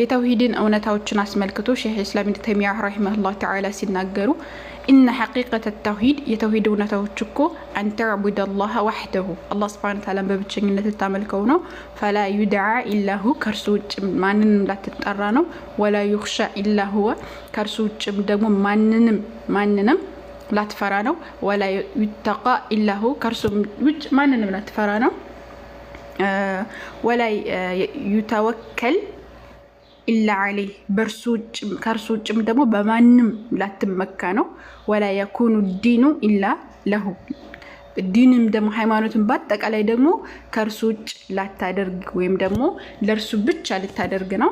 የተውሂድን እውነታዎችን አስመልክቶ ሼህ ኢስላም ኢብን ተይሚያ ረሂመሁላህ ተዓላ ሲናገሩ ኢነ ሐቂቀተ ተውሂድ የተውሂድ እውነታዎች እኮ አንተዕቡድ አላህ ዋሕደሁ አላህ ስብሃነ ተዓላን በብቸኝነት ልታመልከው ነው። ፈላ ዩድዓ ኢላሁ ከእርሱ ውጭ ማንንም ላትጠራ ነው። ወላ ዩክሻ ኢላ ሁወ ከእርሱ ውጭም ደግሞ ማንንም ማንንም ላትፈራ ነው። ወላ ዩተቃ ኢላሁ ከእርሱ ውጭ ማንንም ላትፈራ ነው። ወላ ዩተወከል ኢላ ዓለይህ ከእርሱ ውጭም ደግሞ በማንም ላትመካ ነው። ወላ የኩኑ ዲኑ ኢላ ለሁ ዲንም ደግሞ ሃይማኖትን በአጠቃላይ ደግሞ ከእርሱ ውጭ ላታደርግ ወይም ደግሞ ለእርሱ ብቻ ልታደርግ ነው።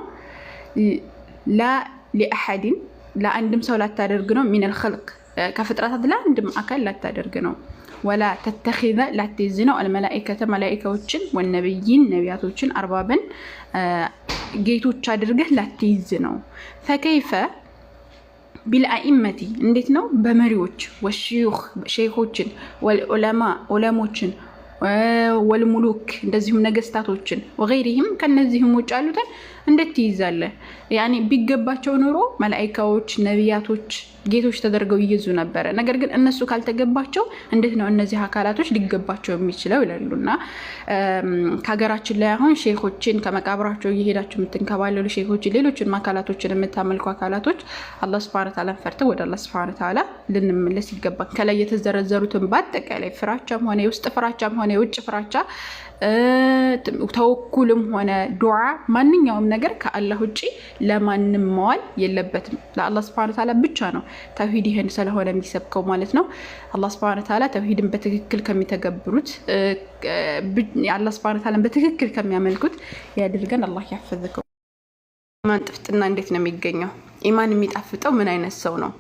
ላ ሊአሐዲን ለአንድም ሰው ላታደርግ ነው። ሚነል ኸልቅ ከፍጥረታት ለአንድም አካል ላታደርግ ነው። ወላ ተተኪዘ ላትይዝ ነው። አልመላኢከተ መላኢካዎችን ወነብይን ነቢያቶችን አርባብን ጌቶች አድርገህ ላትይዝ ነው። ፈከይፈ ቢልአኢመቲ እንዴት ነው በመሪዎች ወሽዩኽ ሼኾችን ወልዑለማ ዑለሞችን ወልሙሉክ እንደዚሁም ነገስታቶችን ወገይሪህም ከነዚህም ውጭ ያሉትን እንዴት ትይዛለህ? ያኔ ቢገባቸው ኑሮ መላኢካዎች ነቢያቶች ጌቶች ተደርገው ይይዙ ነበረ። ነገር ግን እነሱ ካልተገባቸው እንዴት ነው እነዚህ አካላቶች ሊገባቸው የሚችለው ይላሉ። እና ከሀገራችን ላይ አሁን ሼኮችን ከመቃብራቸው እየሄዳቸው የምትንከባለሉ ሼኮችን፣ ሌሎችን አካላቶችን የምታመልኩ አካላቶች አላህ ስብሐነ ተዓላን ፈርተው ወደ አላህ ስብሐነ ተዓላ ልንመለስ ይገባል። ከላይ የተዘረዘሩትን በአጠቃላይ ፍራቻም ሆነ የውስጥ ፍራቻም ሆነ የውጭ ፍራቻ ተወኩልም ሆነ ዱዓ ማንኛውም ነገር ከአላህ ውጭ ለማንም መዋል የለበትም። ለአላህ ስብሐነ ተዓላ ብቻ ነው ተውሂድ ይህን ስለሆነ የሚሰብከው ማለት ነው። አላህ ስብሐነ ተዓላ ተውሂድን በትክክል ከሚተገብሩት አላህ ስብሐነ ተዓላን በትክክል ከሚያመልኩት ያድርገን። አላህ ያፈዝከው። ኢማን ጥፍጥና እንዴት ነው የሚገኘው? ኢማን የሚጣፍጠው ምን አይነት ሰው ነው?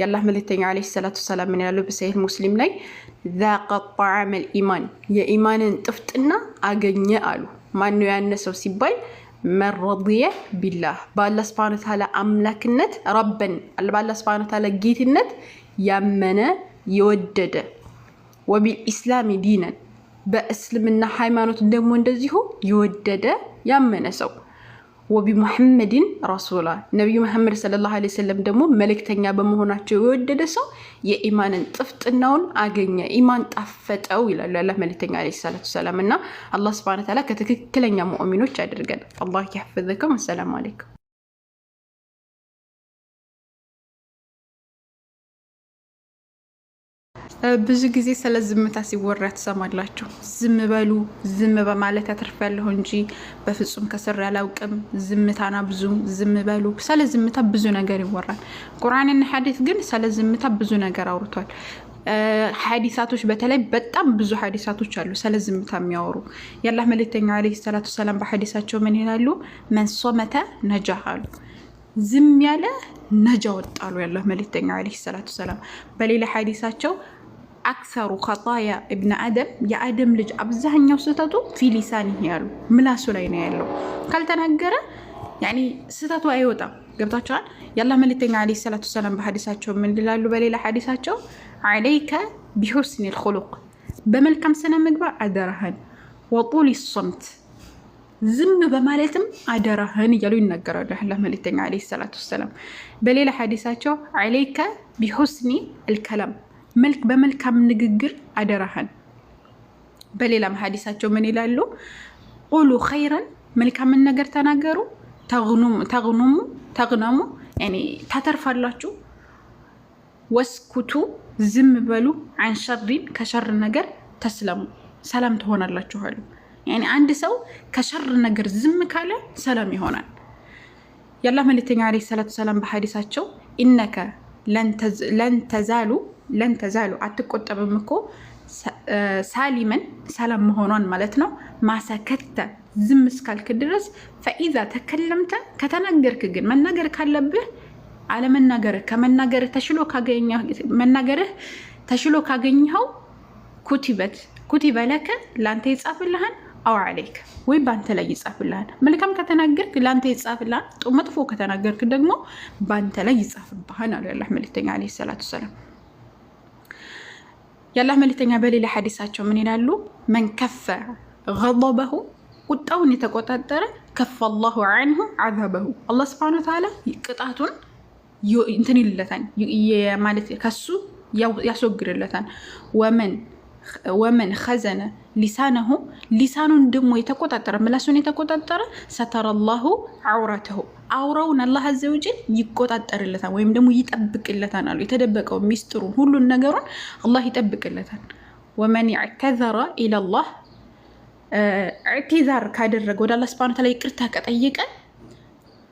የአላህ መልእክተኛ ዓለይሂ ሰላቱ ሰላም ምን ያሉ በሰሂህ ሙስሊም ላይ ዛቀ ጣዕመል ኢማን የኢማንን ጥፍጥና አገኘ አሉ። ማን ያነሰው ያነ ሰው ሲባል መረድየ ቢላህ በአላህ ሱብሓነሁ ወተዓላ አምላክነት ረበን በአላህ ሱብሓነሁ ወተዓላ ጌትነት ያመነ የወደደ ወቢልኢስላሚ ዲነን በእስልምና ሃይማኖት ደግሞ እንደዚሁ የወደደ ያመነ ሰው ወቢ ሙሐመድን ረሱላ ነቢዩ መሐመድ ሰለላሁ ዐለይሂ ወሰለም ደግሞ መልእክተኛ በመሆናቸው የወደደ ሰው የኢማንን ጥፍጥናውን አገኘ፣ ኢማን ጣፈጠው ይላሉ ያላህ መልእክተኛ ዐለይሂ ሰላቱ ወሰላም። እና አላህ ስብሐነ ተዓላ ከትክክለኛ ሙእሚኖች አድርገን። አላህ ያፈዘከም። አሰላሙ አለይኩም ብዙ ጊዜ ስለ ዝምታ ሲወራ ትሰማላችሁ። ዝም በሉ፣ ዝም በማለት ያተርፋለሁ እንጂ በፍጹም ከስር ያላውቅም። ዝምታና ብዙ ዝም በሉ። ስለ ዝምታ ብዙ ነገር ይወራል። ቁርአንና ሐዲስ ግን ስለ ዝምታ ብዙ ነገር አውርቷል። ሐዲሳቶች በተለይ በጣም ብዙ ሀዲሳቶች አሉ ስለ ዝምታ የሚያወሩ። የአላህ መልእክተኛ ዓለይሂ ሰላቱ ሰላም በሀዲሳቸው ምን ይላሉ? መን ሶመተ ነጃ አሉ ዝም ያለ ነጃ ወጣሉ። ያላህ መልእክተኛ ዓለይሂ ሰላቱ ሰላም በሌላ ሐዲሳቸው አክሰሩ ከጣያ እብነ አደም የአደም ልጅ አብዛኛው ስህተቱ ፊሊሳን ያሉ ምላሱ ላይ ነው ያለው። ካልተናገረ ያኔ ስህተቱ አይወጣም። ገብታችኋል? የአላህ መልእክተኛ ዓለይሂ ሰላቱ ሰላም በሀዲሳቸው ምን ይላሉ? በሌላ ሀዲሳቸው ዓለይከ ቢሑስኒል ኹሉቅ በመልካም ስነ ምግባር አደራህን፣ ወጡል ሶምት ዝም በማለትም አደራህን እያሉ ይናገራሉ። ያላ መልእክተኛ ዓለይሂ ሰላቱ ሰላም በሌላ ሀዲሳቸው ዓለይከ ቢሑስኒ አልከላም በመልካም ንግግር አደራሃን በሌላም ሀዲሳቸው ምን ይላሉ? ቁሉ ኸይረን መልካምን ነገር ተናገሩ፣ ተግነሙ ታተርፋላችሁ። ወስኩቱ ዝም በሉ፣ አንሸሪን ከሸር ነገር ተስለሙ፣ ሰላም ትሆናላችኋሉ። አንድ ሰው ከሸር ነገር ዝም ካለ ሰላም ይሆናል። የአላህ መልእክተኛ ዓለይሂ ሰላቱ ሰላም በሀዲሳቸው ኢነከ ለንተዛሉ ለንተዛሉ አትቆጠብም እኮ ሳሊመን ሰላም መሆኗን ማለት ነው። ማሰከተ ዝም እስካልክ ድረስ ፈኢዛ ተከለምተ ከተናገርክ ግን መናገር ካለብህ አለመናገርህ ከመናገርህ ተሽሎ መናገርህ ተሽሎ ካገኘኸው ኩቲበት ኩቲበ ለከ ለአንተ ይጻፍልሃን አው አለይክ ወይ በአንተ ላይ ይጻፍልሃን። መልካም ከተናገርክ ለአንተ ይጻፍልሃል። መጥፎ ከተናገርክ ደግሞ በአንተ ላይ ይጻፍብሃን አሉ ያላ መልክተኛ ዓለይሂ ሰላቱ ሰላም። የአላህ መልእክተኛ በሌላ ሀዲሳቸው ምን ይላሉ? መን ከፈ ገበሁ ቁጣውን የተቆጣጠረ ከፈ አላሁ አንሁ አዛበሁ አላህ ስብሃነ ወተዓላ ቅጣቱን እንትን ይልለታል ማለት ከሱ ያስወግድለታል። ወመን ወመን ሊሳነሁ ሊሳኑን ደግሞ የተቆጣጠረ ምላሱን የተቆጣጠረ ሰተረ አላሁ ዐውረተሁ አውራውን አላህ አዘውጅል ይቆጣጠርለታል ወይም ደግሞ ይጠብቅለታል አሉ። የተደበቀው ሚስጥሩን ሁሉን ነገሩን አላህ ይጠብቅለታል። ወመን ዕተዘረ ኢለላህ ዕቲዛር ካደረገ ወደ አላህ ስብሃነ ተዓላ ይቅርታ ከጠየቀ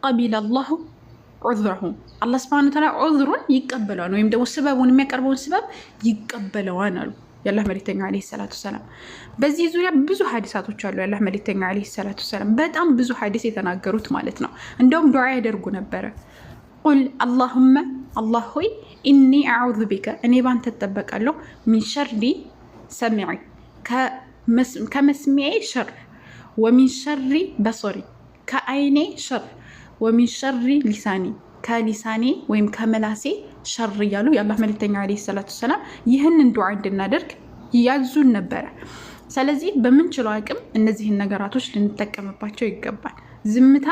ቀቢለ አላሁ ዑዝረሁ አላህ ስብሃነ ተዓላ ዑዝሩን ይቀበለዋል፣ ወይም ደግሞ ስበቡን የሚያቀርበውን ስበብ ይቀበለዋል አሉ። የአላህ መልክተኛ ዓለይሂ ሰላቱ ሰላም። በዚህ ዙሪያ ብዙ ሀዲሳቶች አሉ። የአላህ መልክተኛ ዓለይሂ ሰላቱ ሰላም በጣም ብዙ ሀዲስ የተናገሩት ማለት ነው። እንደውም ዱዓ ያደርጉ ነበረ። ቁል አላሁመ አላህ ሆይ ኢኒ አዑዙ ቢከ እኔ ባንተ እጠበቃለሁ ሚን ሸሪ ሰሚዒ ከመስሚዒ ሸር ወሚን ሸሪ በሶሪ ከአይኔ ሸር ወሚን ሸሪ ሊሳኒ ከሊሳኔ ወይም ከመላሴ ሸር እያሉ የአላህ መልክተኛ ዓለይሂ ሰላቱ ሰላም ይህንን ዱዓ እንድናደርግ ያዙን ነበረ። ስለዚህ በምንችለው አቅም እነዚህን ነገራቶች ልንጠቀምባቸው ይገባል። ዝምታ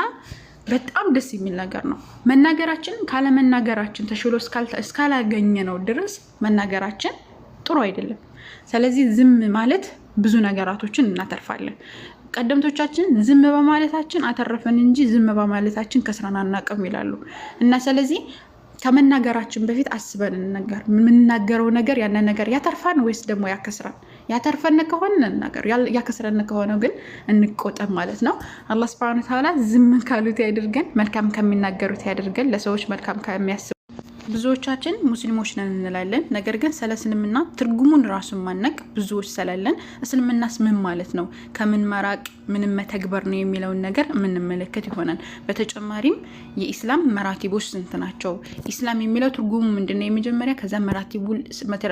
በጣም ደስ የሚል ነገር ነው። መናገራችን ካለመናገራችን ተሽሎ እስካላገኘ ነው ድረስ መናገራችን ጥሩ አይደለም። ስለዚህ ዝም ማለት ብዙ ነገራቶችን እናተርፋለን። ቀደምቶቻችን ዝም በማለታችን አተረፈን እንጂ ዝም በማለታችን ከስራን አናቅም ይላሉ እና ስለዚህ ከመናገራችን በፊት አስበን እንናገር። የምንናገረው ነገር ያን ነገር ያተርፋን ወይስ ደግሞ ያከስራን? ያተርፈን ከሆነ እንናገር፣ ያከስረን ከሆነ ግን እንቆጠብ ማለት ነው። አላህ ስብሐነ ወተዓላ ዝም ካሉት ያድርገን፣ መልካም ከሚናገሩት ያድርገን፣ ለሰዎች መልካም ከሚያስ ብዙዎቻችን ሙስሊሞች ነን እንላለን። ነገር ግን ስለ እስልምና ትርጉሙን ራሱን ማነቅ ብዙዎች ስላለን እስልምናስ ምን ማለት ነው፣ ከምን መራቅ፣ ምንም መተግበር ነው የሚለውን ነገር የምንመለከት ይሆናል። በተጨማሪም የኢስላም መራቲቦች ስንት ናቸው፣ ኢስላም የሚለው ትርጉሙ ምንድን ነው የመጀመሪያ፣ ከዛ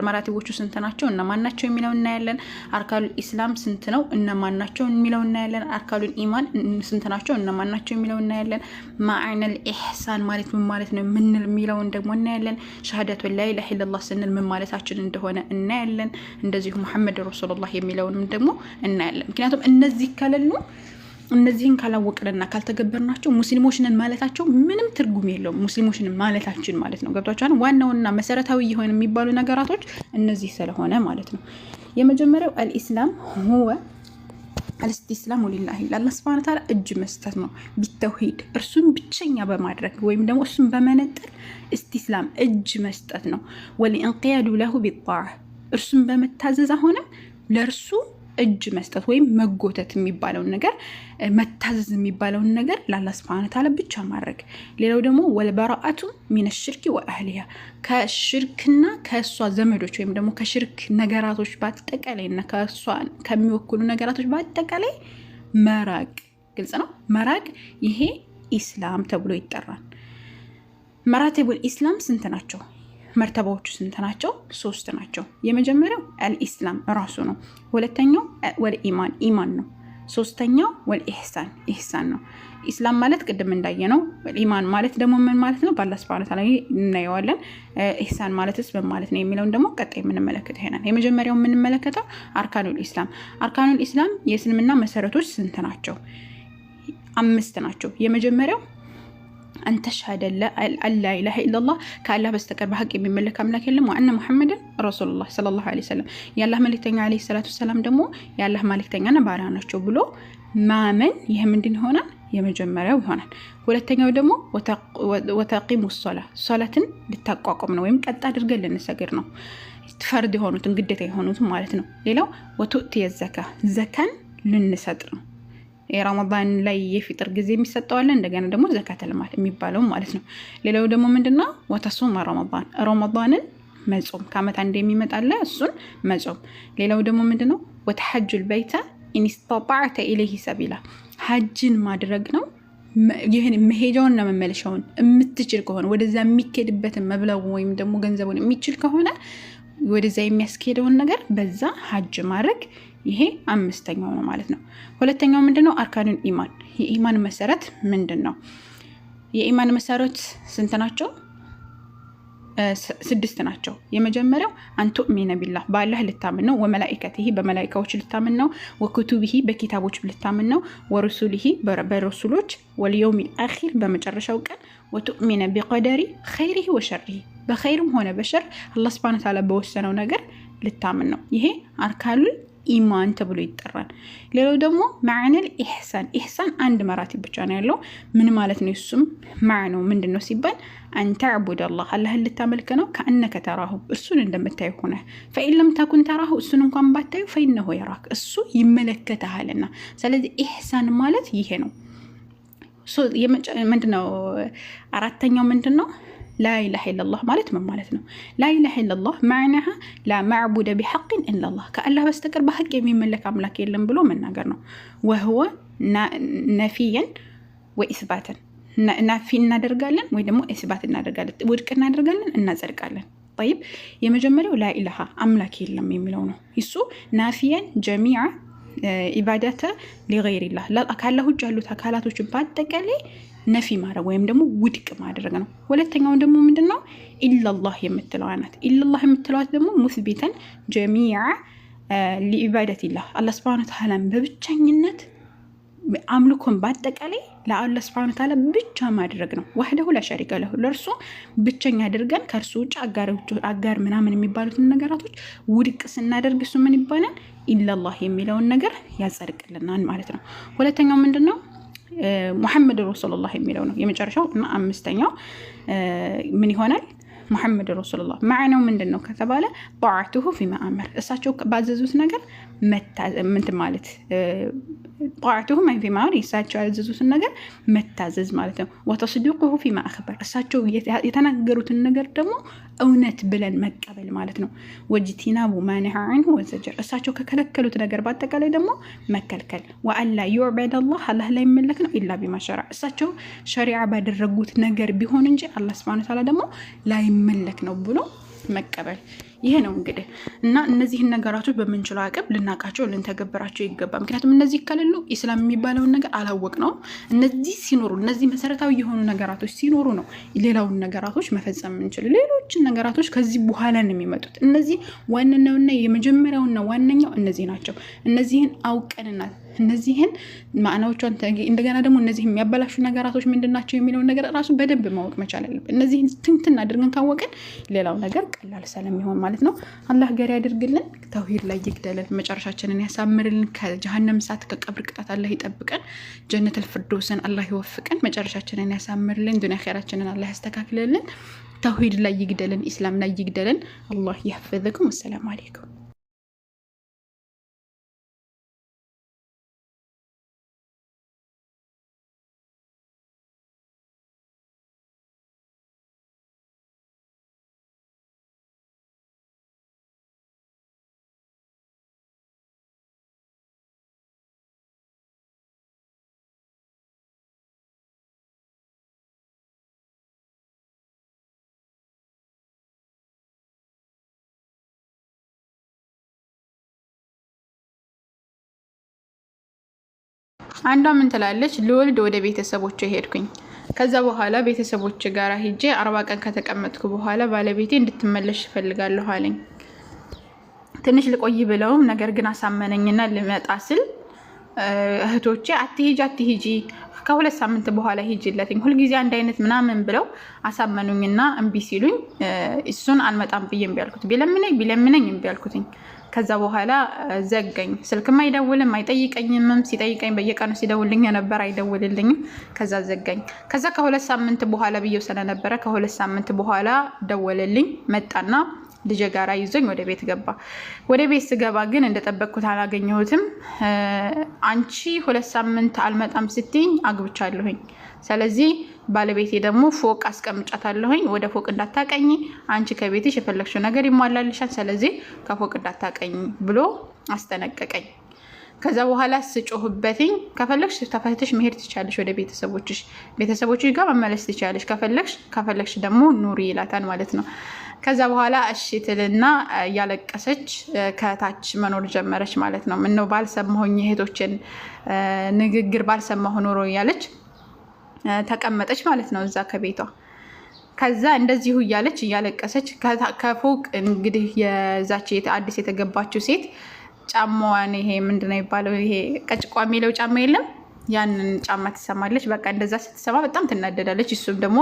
መራቲቦቹ ስንት ናቸው፣ እነማን ናቸው የሚለው እናያለን። አርካሉል ኢስላም ስንት ነው፣ እነማን ናቸው የሚለው እናያለን። አርካሉል ኢማን ስንት ናቸው፣ እነማን ናቸው የሚለው እናያለን። ማዕነል ኢሕሳን ማለት ምን ማለት ነው የሚለውን ደግሞ እናያለን። ሸሃደቱ ላይ ኢላሀ ስንል ምን ማለታችን እንደሆነ እናያለን። እንደዚሁ ሙሐመድ ረሱሉላህ የሚለውንም ደግሞ እናያለን። ምክንያቱም እነዚህ ከለሉ እነዚህን ካላወቅንና ካልተገበርናቸው ሙስሊሞች ማለታቸው ምንም ትርጉም የለውም። ሙስሊሞች ማለታችን ማለት ነው። ገብቷችኋል? ዋናውና መሰረታዊ የሆነ የሚባሉ ነገራቶች እነዚህ ስለሆነ ማለት ነው የመጀመሪያው አልኢስላም ሁወ አልስቲስላሙ ሊላሂ ለአላህ ሱብሃነሁ ተዓላ እጅ መስጠት ነው ቢተውሂድ እርሱን ብቸኛ በማድረግ ወይም ደግሞ እሱን በመነጠል እስቲስላም እጅ መስጠት ነው። ወሊእንቅያዱ ለሁ ቢጣዕ እርሱን በመታዘዝ አሁንም ለእርሱ እጅ መስጠት ወይም መጎተት የሚባለውን ነገር መታዘዝ የሚባለውን ነገር ለአላህ ሱብሐነሁ ወተዓላ ብቻ ማድረግ። ሌላው ደግሞ ወልበራአቱ ሚነ ሽርኪ ወአህሊያ ከሽርክና ከእሷ ዘመዶች ወይም ደግሞ ከሽርክ ነገራቶች በአጠቃላይ እና ከእሷ ከሚወክሉ ነገራቶች በአጠቃላይ መራቅ፣ ግልጽ ነው መራቅ። ይሄ ኢስላም ተብሎ ይጠራል። መራቲቡል ኢስላም ስንት ናቸው? መርተባዎቹ ስንት ናቸው? ሶስት ናቸው። የመጀመሪያው አልኢስላም ራሱ ነው። ሁለተኛው ወልኢማን ኢማን ነው። ሶስተኛው ወልኢሕሳን ኢሕሳን ነው። ኢስላም ማለት ቅድም እንዳየ ነው። ኢማን ማለት ደግሞ ምን ማለት ነው? በአላህ ሱብሃነሁ ወተዓላ እናየዋለን። ኢሕሳን ማለትስ ምን ማለት ነው የሚለውን ደግሞ ቀጣይ የምንመለከት ይሆናል። የመጀመሪያው የምንመለከተው አርካኑል ኢስላም። አርካኑል ኢስላም የእስልምና መሰረቶች ስንት ናቸው? አምስት ናቸው። የመጀመሪያው አንተሻሃደ አላኢላሃ ኢለላህ ከአላህ በስተቀር በሀቅ የሚመለክ አምላክ የለም፣ ዋአነ ሙሐመድን ረሱሉላ ሰለላሁ ዐለይሂ ወሰለም የአላህ መልክተኛ ዐለይሂ ሰላቱ ሰላም ደግሞ የአላህ መልእክተኛና ባሪያ ናቸው ብሎ ማመን ይህ ምንድን ይሆናል? የመጀመሪያው ይሆናል። ሁለተኛው ደግሞ ወተቂሙ ሶላ ሶላትን ልታቋቁም ነው፣ ወይም ቀጥ አድርገን ልንሰግድ ነው። ፈርድ የሆኑትን ግዴታ የሆኑትን ማለት ነው። ሌላው ወቱእትየ ዘካ ዘካን ልንሰጥ ነው። የረመዳን ላይ የፊጥር ጊዜ የሚሰጠዋለን እንደገና ደግሞ ዘካተ ማል የሚባለው ማለት ነው። ሌላው ደግሞ ምንድነው ወተሱም ረመዳን ረመዳንን መጾም ከአመት አንድ የሚመጣለ እሱን መጾም። ሌላው ደግሞ ምንድነው ወተሐጁል በይተ ኢንስተጣዕተ ኢለይህ ሰቢላ ሀጅን ማድረግ ነው። ይህን መሄጃውን እና መመለሻውን የምትችል ከሆነ ወደዛ የሚኬድበትን መብለው ወይም ደግሞ ገንዘቡን የሚችል ከሆነ ወደዛ የሚያስኬደውን ነገር በዛ ሀጅ ማድረግ ይሄ አምስተኛው ነው ማለት ነው። ሁለተኛው ምንድን ነው? አርካኑን ኢማን። የኢማን መሰረት ምንድን ነው? የኢማን መሰረት ስንት ናቸው? ስድስት ናቸው። የመጀመሪያው አንቱእሚነ ሚነቢላ በአላህ ልታምን ነው። ወመላኢከቲሂ በመላይካዎች ልታምን ነው። ወክቱብሂ በኪታቦች ልታምን ነው። ወሩሱልሂ በረሱሎች፣ ወልየውሚል አኪር በመጨረሻው ቀን፣ ወቱእሚነ ቢቀደሪ ወሸር ወሸሪሂ በኸይርም ሆነ በሸር አላህ ሱብሃነሁ ወተዓላ በወሰነው ነገር ልታምን ነው። ይሄ አርካሉል ኢማን ተብሎ ይጠራል። ሌላው ደግሞ ማዕነል ኢሕሳን ኢሕሳን አንድ መራቲ ብቻ ነው ያለው። ምን ማለት ነው? እሱም ማዕነው ምንድን ነው ሲባል አንተዕቡድ አላህ አላህን ልታመልክ ነው። ከአነከ ተራሁ እሱን እንደምታይ ሆነ። ፈኢን ተኩን ተራሁ እሱን እንኳን ባታዩ ፈኢነሆ የራክ እሱ ይመለከተሃልና። ስለዚህ ኢሕሳን ማለት ይሄ ነው። ምንድነው? አራተኛው ምንድን ነው? ላኢላሃ ኢለላህ ማለት ምን ማለት ነው? ላኢላሃ ኢለላህ ማዕናሃ ላ ማዕቡደ ቢሐቅን ኢለላህ ከአላህ በስተቀር በሀቅ የሚመለክ አምላክ የለም ብሎ መናገር ነው። ወህወ ነፊየን ወኢስባተን ናፊ እናደርጋለን ወይ ደግሞ ኢስባት እናደርጋለን፣ ውድቅ እናደርጋለን፣ እናጸድቃለን። ጠይብ የመጀመሪያው ላኢላሃ አምላክ የለም የሚለው ነው። እሱ ናፊየን ጀሚዓ ኢባዳተ ሊገይሪላህ ከአላህ ውጭ ያሉት አካላቶችን በአጠቃላይ ነፊ ማድረግ ወይም ደግሞ ውድቅ ማድረግ ነው። ሁለተኛውን ደግሞ ምንድን ነው? ኢላላህ የምትለዋ ናት። ኢላላህ የምትለዋት ደግሞ ሙስቢተን ጀሚዓ ሊዒባደቲላህ አላህ ስብሃነ ተዓላን በብቸኝነት አምልኮን በአጠቃላይ ለአላህ ስብሃነ ተዓላ ብቻ ማድረግ ነው። ዋህደሁ ላሸሪከ ለሁ ለእርሱ ብቸኛ አድርገን ከእርሱ ውጭ አጋር ምናምን የሚባሉትን ነገራቶች ውድቅ ስናደርግ እሱ ምን ይባላል? ኢላላህ የሚለውን ነገር ያጸድቅልናል ማለት ነው። ሁለተኛው ምንድን ነው? ሙሐመድ ረሱሉላህ የሚለው ነው የመጨረሻው እና አምስተኛው ምን ይሆናል? መሐመድ ረሱሉላህ ማዕናው ምንድን ነው ከተባለ ጠዓቱሁ ፊማ አመር እሳቸው ባዘዙት ነገር ምንትን ማለት ጠዓቱሁ ማን ፊማ አመር እሳቸው ያዘዙትን ነገር መታዘዝ ማለት ነው። ወተስዲቁሁ ፊማ አክበር እሳቸው የተናገሩትን ነገር ደግሞ እውነት ብለን መቀበል ማለት ነው። ወጅቲናቡ ማንሃ ዐንሁ ወዘጀር እሳቸው ከከለከሉት ነገር በአጠቃላይ ደግሞ መከልከል ወአላ ዩዕበድ አላህ አላህ ላይ የሚመለክ ነው ኢላ ቢማ እሳቸው ሸሪዓ ባደረጉት ነገር ቢሆን እንጂ አላህ ስብሃነ ወተዓላ ደግሞ ላይ የሚመለክ ነው ብሎ መቀበል ይሄ ነው እንግዲህ። እና እነዚህን ነገራቶች በምንችለው አቅም ልናውቃቸው ልንተገብራቸው ይገባ ምክንያቱም እነዚህ ከሌሉ ኢስላም የሚባለውን ነገር አላወቅ ነው። እነዚህ ሲኖሩ እነዚህ መሰረታዊ የሆኑ ነገራቶች ሲኖሩ ነው ሌላውን ነገራቶች መፈጸም የምንችል። ሌሎችን ነገራቶች ከዚህ በኋላ ነው የሚመጡት። እነዚህ ዋነኛውና የመጀመሪያውና ዋነኛው እነዚህ ናቸው። እነዚህን አውቀንናል እነዚህን ማዕናዎቿን እንደገና ደግሞ እነዚህ የሚያበላሹ ነገራቶች ምንድን ናቸው የሚለውን ነገር ራሱ በደንብ ማወቅ መቻል አለብን። እነዚህን ትንትን አድርገን ካወቅን ሌላው ነገር ቀላል ስለሚሆን ማለት ነው። አላህ ገሪ ያድርግልን፣ ተውሂድ ላይ ይግደልን፣ መጨረሻችንን ያሳምርልን፣ ከጀሃነም እሳት ከቀብር ቅጣት አላህ ይጠብቀን፣ ጀነት ፊርደውስን አላህ ይወፍቀን፣ መጨረሻችንን ያሳምርልን፣ ዱኒያ ኸይራችንን አላህ ያስተካክልልን፣ ተውሂድ ላይ ይግደልን፣ ኢስላም ላይ ይግደልን። አላህ ያፈዘኩም። አሰላሙ አሌይኩም አንዷ ምን ትላለች? ልወልድ ወደ ቤተሰቦች ሄድኩኝ። ከዛ በኋላ ቤተሰቦች ጋር ሂጄ አርባ ቀን ከተቀመጥኩ በኋላ ባለቤቴ እንድትመለሽ እፈልጋለሁ አለኝ። ትንሽ ልቆይ ብለውም ነገር ግን አሳመነኝና ልመጣ ስል እህቶቼ አትሂጂ አትሂጂ ከሁለት ሳምንት በኋላ ሂጅለትኝ ሁልጊዜ አንድ አይነት ምናምን ብለው አሳመኑኝና እምቢ ሲሉኝ እሱን አልመጣም ብዬ እምቢ አልኩት። ቢለምነኝ ቢለምነኝ እምቢ አልኩትኝ። ከዛ በኋላ ዘገኝ ስልክም አይደውልም አይጠይቀኝምም። ሲጠይቀኝ በየቀኑ ሲደውልኝ ነበር፣ አይደውልልኝም። ከዛ ዘጋኝ። ከዛ ከሁለት ሳምንት በኋላ ብዬው ስለነበረ ከሁለት ሳምንት በኋላ ደወለልኝ መጣና ልጄ ጋራ ይዞኝ ወደ ቤት ገባ። ወደ ቤት ስገባ ግን እንደጠበቅኩት አላገኘሁትም። አንቺ ሁለት ሳምንት አልመጣም ስትኝ አግብቻለሁኝ። ስለዚህ ባለቤቴ ደግሞ ፎቅ አስቀምጫታለሁኝ። ወደ ፎቅ እንዳታቀኝ፣ አንቺ ከቤትሽ የፈለግሽው ነገር ይሟላልሻል። ስለዚህ ከፎቅ እንዳታቀኝ ብሎ አስጠነቀቀኝ። ከዛ በኋላ ስጮህበትኝ ከፈለግሽ ተፈትሽ መሄድ ትቻለሽ፣ ወደ ቤተሰቦችሽ ቤተሰቦችሽ ጋር መመለስ ትቻለሽ፣ ከፈለግሽ ከፈለግሽ ደግሞ ኑሪ ይላታል ማለት ነው። ከዛ በኋላ እሺ ትልና እያለቀሰች ከታች መኖር ጀመረች ማለት ነው። ምነው ባልሰማሁኝ እህቶችን ንግግር ባልሰማሁ ኖሮ እያለች ተቀመጠች ማለት ነው እዛ ከቤቷ ከዛ እንደዚሁ እያለች እያለቀሰች ከፎቅ እንግዲህ የዛች አዲስ የተገባችው ሴት ጫማዋን ይሄ ምንድነው የሚባለው? ይሄ ቀጭቋ የሚለው ጫማ የለም ያንን ጫማ ትሰማለች። በቃ እንደዛ ስትሰማ በጣም ትናደዳለች። እሱም ደግሞ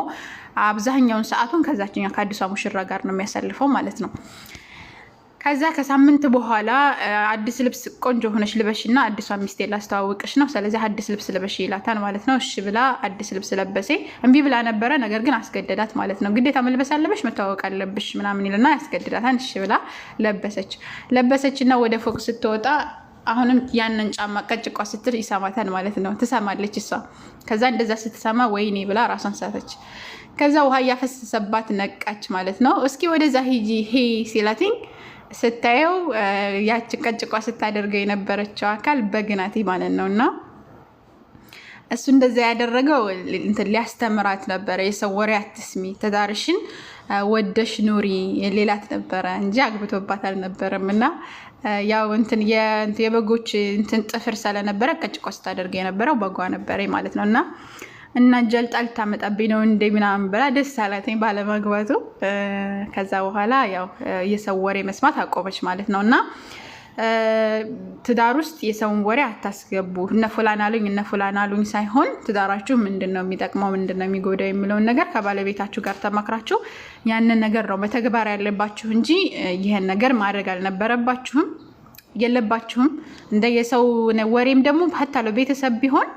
አብዛኛውን ሰዓቱን ከዛችኛ ከአዲሷ ሙሽራ ጋር ነው የሚያሳልፈው ማለት ነው። ከዛ ከሳምንት በኋላ አዲስ ልብስ ቆንጆ ልበሽ ልበሽና አዲሷ ሚስቴ ላስተዋውቅሽ ነው፣ ስለዚህ አዲስ ልብስ ልበሽ ይላታል ማለት ነው። እሺ ብላ አዲስ ልብስ ለበሴ። እምቢ ብላ ነበረ፣ ነገር ግን አስገደዳት ማለት ነው። ግዴታ መልበስ አለበሽ መተዋወቅ አለብሽ ምናምን ይልና ያስገድዳታል። እሺ ብላ ለበሰች። ለበሰችና ወደ ፎቅ ስትወጣ አሁንም ያንን ጫማ ቀጭቋ ስትል ይሰማታል ማለት ነው። ትሰማለች እሷ። ከዛ እንደዛ ስትሰማ ወይኔ ብላ ራሷን ሳተች። ከዛ ውሃ እያፈሰሰባት ነቃች ማለት ነው። እስኪ ወደዛ ሂጂ ሄ ሲላትኝ ስታየው ያች ቀጭቋ ስታደርገው የነበረችው አካል በግ ናት ማለት ነው። እና እሱ እንደዚ ያደረገው ሊያስተምራት ነበረ። የሰው ወሬ አትስሚ፣ ትዳርሽን ወደሽ ኑሪ ሌላት ነበረ እንጂ አግብቶባት አልነበረም። እና ያው እንትን የበጎች እንትን ጥፍር ስለነበረ ቀጭቋ ስታደርገው የነበረው በጓ ነበረ ማለት ነው እና እና ጀልጣ ልታመጣብኝ ነው እንደ ምናምን ብላ ደስ አላትኝ ባለመግባቱ። ከዛ በኋላ ያው የሰው ወሬ መስማት አቆመች ማለት ነው እና ትዳር ውስጥ የሰውን ወሬ አታስገቡ። እነ አሉኝ እነ አሉኝ ሳይሆን ትዳራችሁ ምንድን ነው የሚጠቅመው፣ ምንድን ነው የሚጎዳው የሚለውን ነገር ከባለቤታችሁ ጋር ተማክራችሁ ያንን ነገር ነው በተግባር ያለባችሁ እንጂ ይህን ነገር ማድረግ አልነበረባችሁም የለባችሁም። እንደ የሰው ወሬም ደግሞ ሀታ ቤተሰብ ቢሆን